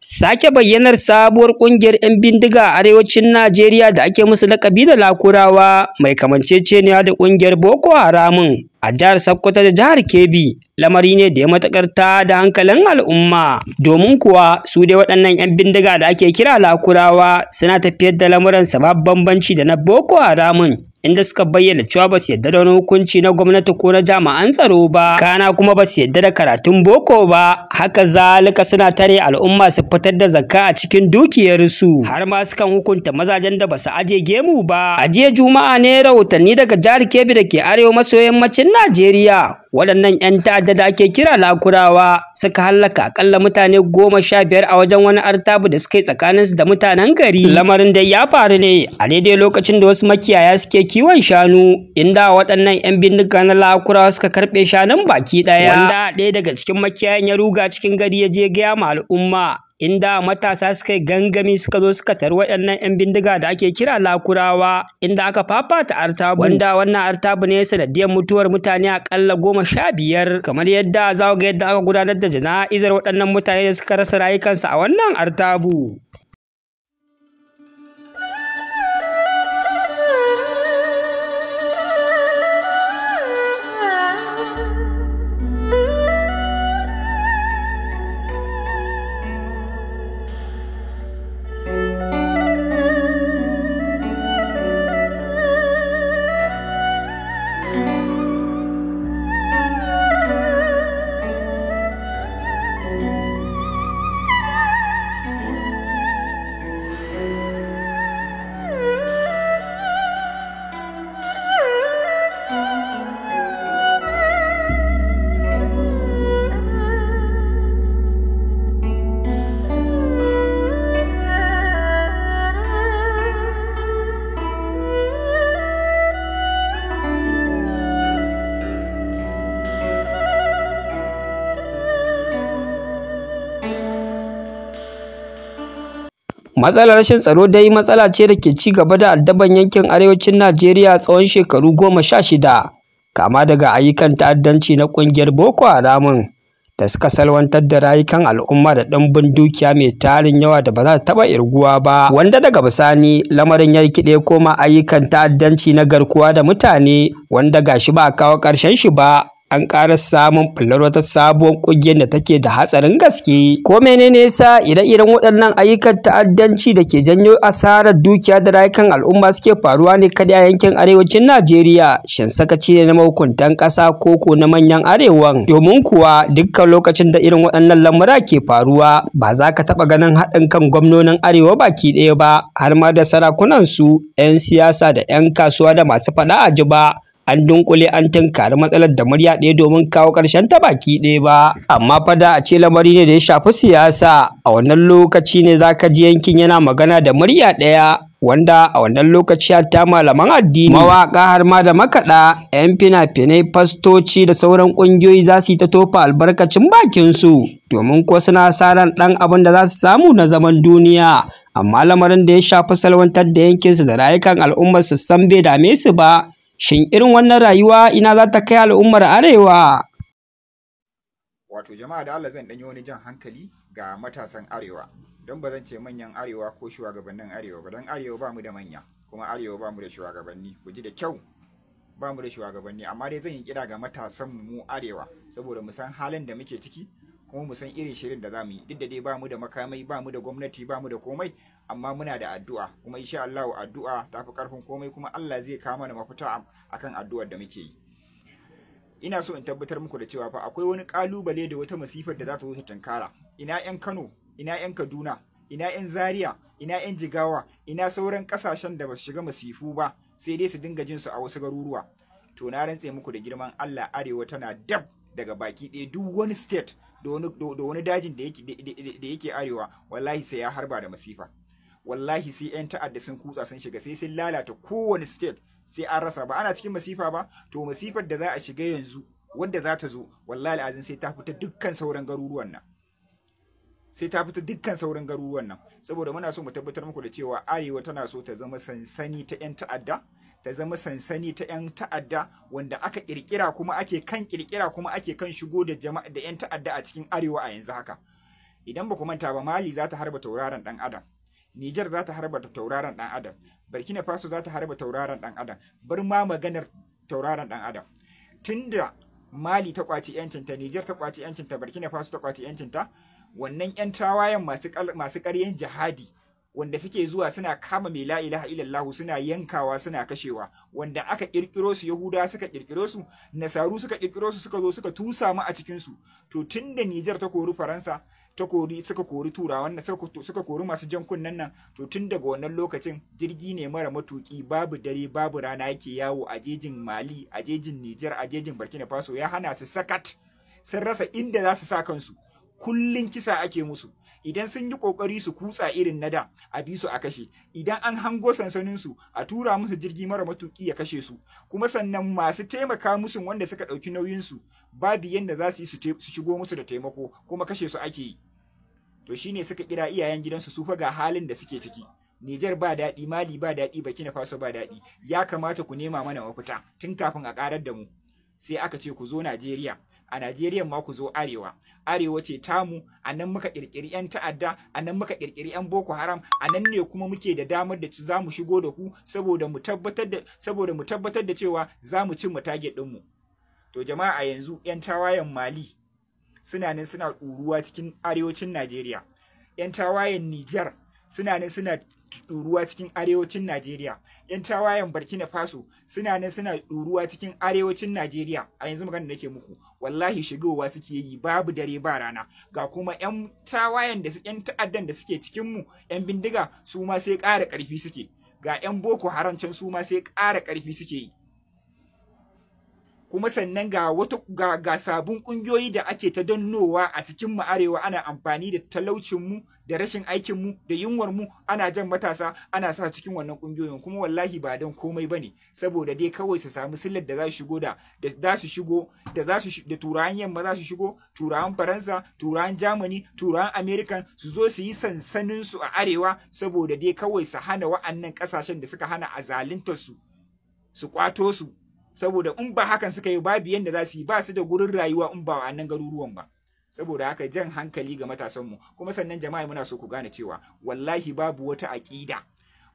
Sake bayyanar sabuwar ƙungiyar 'yan bindiga a arewacin Najeriya da ake musu lakabi da Lakurawa mai kamanceceniya da ƙungiyar Boko Haramun a jihar Sokoto da jihar Kebbi lamari ne da ya matakar ta da hankalin al'umma domin kuwa su dai waɗannan 'yan bindiga da ake kira Lakurawa suna tafiyar da lamuran sabab bambanci da na Boko Haramun inda suka bayyana cewa ba su yadda da wani hukunci na gwamnati ko na jami'an tsaro ba kana kuma ba su yadda da karatun boko ba haka zalika suna tare al'umma su fitar da zakka a cikin dukiyar su. har ma sukan hukunta mazajen da ba su aje gemu ba a jiya juma'a ne rahotanni daga jihar kebbi da ke arewa maso yammacin najeriya waɗannan 'yan ta'adda da ake kira lakurawa suka hallaka akalla mutane goma sha biyar a wajen wani artabu da suka yi tsakaninsu da mutanen gari lamarin dai ya faru ne a daidai lokacin da wasu makiyaya suke kiwon shanu inda waɗannan 'yan bindiga na lakura suka karɓe shanun baki ɗaya wanda ɗaya daga cikin makiyayan ya ruga cikin gari ya je gaya ma al'umma inda matasa suka yi gangami suka zo suka tar waɗannan 'yan bindiga da ake kira lakurawa inda aka fafata artabu wanda wannan artabu ne sanadiyar mutuwar mutane a akalla goma sha biyar kamar yadda za ga yadda aka gudanar da jana'izar waɗannan mutane da suka rasa rayukansu a wannan artabu Matsalar rashin tsaro dai matsala ce da ke ci gaba da addaban yankin arewacin Najeriya tsawon shekaru goma sha shida, kama daga ayyukan ta'addanci na ƙungiyar Boko Haramun da suka salwantar da rayukan al'umma da ɗumbin dukiya mai tarin yawa da ba za ta taɓa irguwa ba, wanda daga bisani lamarin ya rikiɗe koma ayyukan ta'addanci na garkuwa da mutane wanda gashi ba a kawo ƙarshen shi ba. an ƙara samun fular wata sabuwar ƙungiyar da take da hatsarin gaske ko menene yasa ire irin waɗannan ayyukan ta'addanci da ke janyo asarar dukiya da rayukan al'umma suke faruwa ne kada a yankin arewacin Najeriya shin sakaci ne na mahukuntan ƙasa ko ko na manyan arewan domin kuwa dukkan lokacin da irin waɗannan lamura ke faruwa ba za ka taɓa ganin haɗin kan gwamnonin arewa baki ɗaya ba har ma da sarakunan su 'yan siyasa da 'yan kasuwa da masu faɗa a ji ba an dunkule an tunkari matsalar da murya ɗaya domin kawo ƙarshen ta baki ɗaya ba amma fa da a ce lamari ne da ya shafi siyasa a wannan lokaci ne za ka ji yankin yana magana da murya ɗaya wanda a wannan lokaci ta malaman addini mawaƙa har ma da makaɗa 'yan fina-finai fastoci da sauran ƙungiyoyi za su yi ta tofa albarkacin bakinsu domin ko suna sa ɗan abin da za su samu na zaman duniya amma lamarin da ya shafi salwantar da yankinsu da rayukan al'ummar su san bai dame su ba Shin irin wannan rayuwa ina za ta kai al'ummar Arewa? Wato jama'a da Allah zan ɗanyi wani jan hankali ga matasan Arewa, don ba zan ce manyan Arewa ko shugabannin Arewa ba, don Arewa ba mu da manya, kuma Arewa ba mu da shugabanni, ku ji da kyau ba mu da shugabanni, amma dai zan yi kira ga matasan mu Arewa, saboda mu san halin da muke ciki, kuma mu san irin shirin da za mu yi duk da dai ba mu da makamai ba mu da gwamnati ba mu da komai amma muna da addu'a kuma insha Allah addu'a ta fi karfin komai kuma Allah zai kawo mana mafita akan addu'ar da muke yi ina so in tabbatar muku da cewa fa akwai wani kalubale da wata masifar da za ta zo ta tankara ina yan Kano ina yan Kaduna ina yan Zaria ina yan Jigawa ina sauran kasashen da ba su shiga masifu ba sai dai su dinga jin su a wasu garuruwa to na rantse muku da girman Allah arewa tana dab daga baki ɗaya duk wani state da wani dajin da yake arewa wallahi sai ya harba da masifa wallahi sai yan ta'adda sun kutsa sun shiga sai sun lalata kowane state sai an rasa ba ana cikin masifa ba to masifar da za a shiga yanzu wadda za ta zo wallahi azin sai ta fita dukkan sauran garuruwan nan sai ta fita dukkan sauran garuruwan nan saboda muna so mu tabbatar muku da cewa arewa tana so ta zama sansani ta yan ta'adda ta zama sansani ta 'yan ta'adda wanda aka kirkira kuma ake kan kirkira kuma ake kan shigo da jama'a da 'yan ta'adda a cikin arewa a yanzu haka idan ba ku manta ba mali za ta harba tauraron dan adam Nijar za ta harba tauraron dan adam Burkina Faso za ta harba tauraron dan adam bar ma maganar tauraron dan adam tunda Mali ta kwaci yancinta Nijar ta kwaci yancinta Burkina Faso ta kwaci yancinta wannan 'yan tawayen masu ƙaryen jihadi wanda suke zuwa suna kama mai la ilaha illallah suna yankawa suna kashewa wanda aka kirkiro su yahuda suka kirkiro su nasaru suka kirkiro su suka zo suka tusa mu a cikin su to tunda Niger ta kori Faransa ta kori suka kori turawan nan suka kori masu jan kunnen nan to tun daga wannan lokacin jirgi ne mara matuki babu dare babu rana yake yawo a jejin Mali a jejin Niger a jejin Burkina Faso ya hana su sakat sun rasa inda za su sa kansu kullun kisa ake musu idan sun yi kokari su kutsa irin na da a bi su a kashe idan an hango sansanin su a tura musu jirgi mara matuki ya kashe su kuma sannan masu taimaka musu wanda suka dauki nauyin su babu yanda za su yi su shigo musu da taimako kuma kashe su ake yi to shine suka kira iyayen gidansu su fa ga halin da suke ciki Nijar ba daɗi, Mali ba daɗi, bakina Faso ba daɗi. Ya kamata ku nema mana mafita tun kafin a ƙarar da mu. sai aka ce ku zo Najeriya a Najeriya ma ku zo arewa arewa ce tamu a nan muka kirkiri yan ta'adda a nan muka kirkiri yan boko haram a nan ne kuma muke da damar da za mu shigo da ku saboda mu tabbatar da saboda mu tabbatar da cewa za mu cin mu target din mu to jama'a a yanzu yan tawayen Mali suna nan suna ƙuruwa cikin arewacin Najeriya yan tawayen Niger suna nan suna ɗuruwa cikin arewacin Najeriya. 'Yan tawayen Burkina Faso suna nan suna ɗuruwa cikin arewacin Najeriya a yanzu magana nake muku. Wallahi shigowa suke yi babu dare ba rana. Ga kuma 'yan tawayen da 'yan ta'addan da suke cikin mu 'yan bindiga su ma sai ƙara ƙarfi suke. Ga 'yan Boko Haram can su ma sai ƙara ƙarfi suke yi. kuma sannan ga wata ga, ga sabon kungiyoyi da ake ta dannowa a cikin mu arewa ana amfani da talaucin mu da rashin aikin mu da yunwar mu ana jan matasa ana sa cikin wannan kungiyoyin kuma wallahi ba dan komai bane saboda dai kawai su samu sillar da za su shigo da za su shigo da za su da turawan yamma za su shigo turawan faransa turawan Jamani, turawan american su zo su yi sansanin su a arewa saboda dai kawai su hana wa'annan kasashen da suka hana a zaluntar su su kwato su saboda in ba hakan suka yi babu yanda za su yi ba su da gurin rayuwa in ba nan garuruwan ba saboda haka jan hankali ga matasanmu kuma sannan jama'a muna so ku gane cewa wallahi babu wata aƙida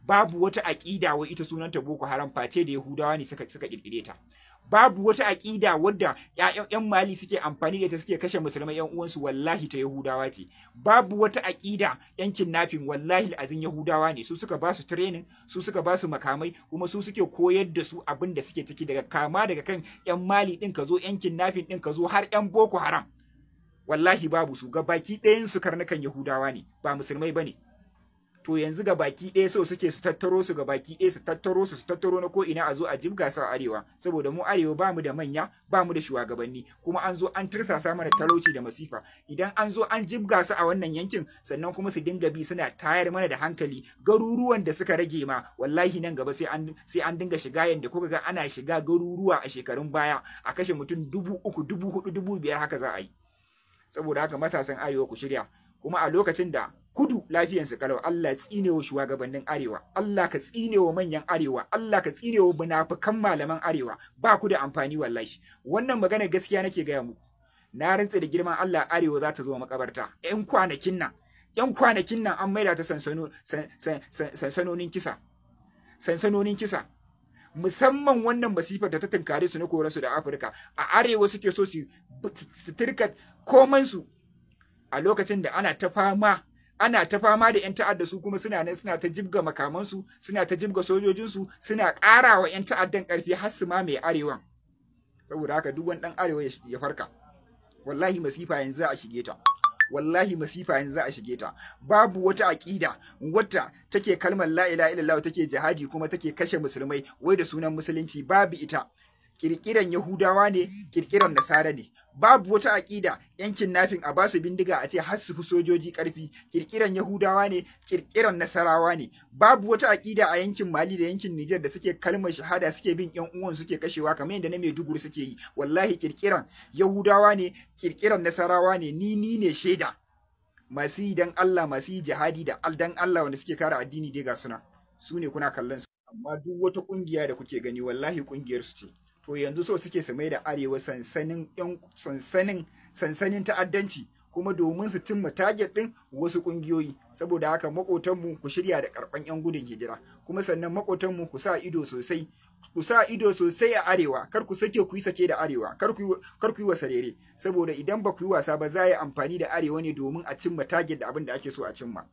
babu wata aƙida wa ita sunanta boko haram face da yahudawa ne suka suka kirkire ta babu wata aƙida wadda ƴan mali suke amfani da ita suke kashe musulmai ƴan uwansu wallahi ta yahudawa ce babu wata aƙida ƴan kidnapping wallahi azin yahudawa ne su suka ba su training su suka ba makamai kuma su suke koyar da su abin da suke ciki daga kama daga kan ƴan mali ɗin ka zo ƴan kidnapping ɗin ka zo har ƴan boko haram wallahi babu su ga baki ɗayan su karnukan yahudawa ne ba musulmai bane to yanzu ga baki ɗaya so suke su tattaro su ga baki ɗaya su tattaro su su tattaro na ko ina a zo a jibga su a arewa saboda mu arewa ba mu da manya ba mu da shugabanni kuma an zo an tirsasa mana talauci da masifa idan an zo an jibga su a wannan yankin sannan kuma su dinga bi suna tayar mana da hankali garuruwan da suka rage ma wallahi nan gaba sai an sai an dinga shiga yanda kuka ga ana shiga garuruwa a shekarun baya a kashe mutum dubu uku dubu hudu dubu biyar haka za a yi saboda haka matasan arewa ku shirya kuma a lokacin da kudu su kalau Allah ya tsine wa shugabannin arewa Allah ka tsine wa manyan arewa Allah ka tsine wa munafikan malaman arewa ba ku da amfani wallahi wannan magana gaskiya nake gaya mu na rantse da girman Allah arewa za ta zo makabarta yan kwanakin nan yan kwanakin nan an maida ta sansanonin kisa sansanonin kisa musamman wannan masifar da ta tunkare su na korasu da Afirka a arewa suke so su turka komansu a lokacin da ana ta fama ana ta fama da 'yan ta'adda su kuma suna nan suna ta jibga makamansu suna ta jibga sojojinsu suna ƙara wa 'yan ta'addan ƙarfi har su ma mai arewan saboda haka duk wani ɗan arewa ya farka wallahi masifa yanzu za a shige ta wallahi masifa yanzu za a shige ta babu wata aƙida wata take kalmar la ilaha illallah take jihadi kuma take kashe musulmai wai da sunan musulunci babu ita kirkiran Yahudawa ne, kirkiran Nasara ne. Babu wata aƙida yankin nafin a basu bindiga a ce har su fi sojoji ƙarfi, kirkiran Yahudawa ne, kirkiran Nasarawa ne. Babu wata aƙida a yankin Mali da yankin Nijar da suke kalmar shahada suke bin ƴan uwan suke kashewa kamar yadda na Maiduguri suke yi. Wallahi kirkiran Yahudawa ne, kirkiran Nasarawa ne, ni ni ne shaida. Masu yi dan Allah, masu yi jihadi da aldan Allah wanda suke kare addini dai ga suna. Su ne kuna kallon su. Amma duk wata ƙungiya da kuke gani wallahi ƙungiyar su ce. to yanzu so suke su mai da arewa sansanin sansanin ta'addanci kuma domin su cimma target din wasu kungiyoyi saboda haka makotanmu ku shirya da karban yan gudun hijira kuma sannan makotanmu ku sa ido sosai ku sa ido sosai a arewa kar ku sake ku yi sake da arewa kar ku kar ku yi wasarere saboda idan ba ku yi wasa ba za a yi amfani da arewa ne domin a cimma target da abin da ake so a cimma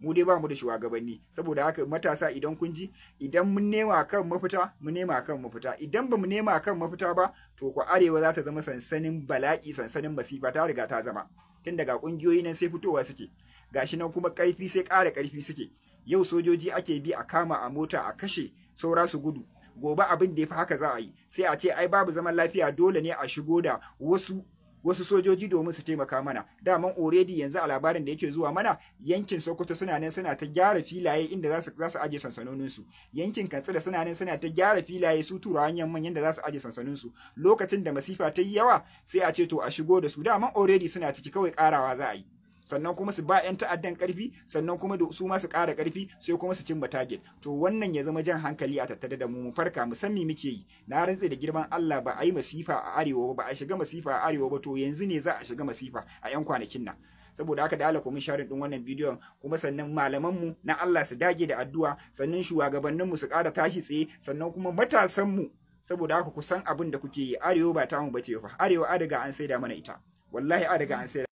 mu dai ba mu da shugabanni saboda haka matasa idan kun ji idan mun nema kan mafita mun nema kan mafita idan ba mu nema kan mafita ba to ku arewa za ta zama sansanin bala'i sansanin masifa ta riga ta zama tun daga kungiyoyi nan sai fitowa suke gashi nan kuma karfi sai ƙara karfi suke yau sojoji ake bi a kama a mota a kashe saura su gudu gobe abin da ya fi haka za a yi sai a ce ai babu zaman lafiya dole ne a shigo da wasu wasu sojoji domin su taimaka mana daman already yanzu a labarin da yake zuwa mana yankin Sokoto suna nan suna ta gyara filaye inda za su za su aje sansanonin su yankin Katsina suna nan suna ta gyara filaye su hanyar yamman yanda za su aje sansanonin su lokacin da masifa ta yi yawa sai a ce to a shigo da su daman already suna ciki kawai karawa za a yi sannan kuma su ba 'yan ta'addan karfi sannan kuma su ma su ƙara karfi sai kuma su cimma target to wannan ya zama jan hankali a tattare da mu mu farka mu san muke yi na rantse da girman Allah ba a yi masifa a arewa ba ba a shiga masifa a arewa ba to yanzu ne za a shiga masifa a 'yan kwanakin nan saboda haka da Allah kuma sharin din wannan bidiyon kuma sannan malaman mu na Allah su dage da addu'a sannan shugabannin mu su ƙara tashi tsaye sannan kuma matasan mu saboda haka ku san abin da kuke yi arewa ba ta mu bace ba. arewa a daga an saida mana ita wallahi a an saida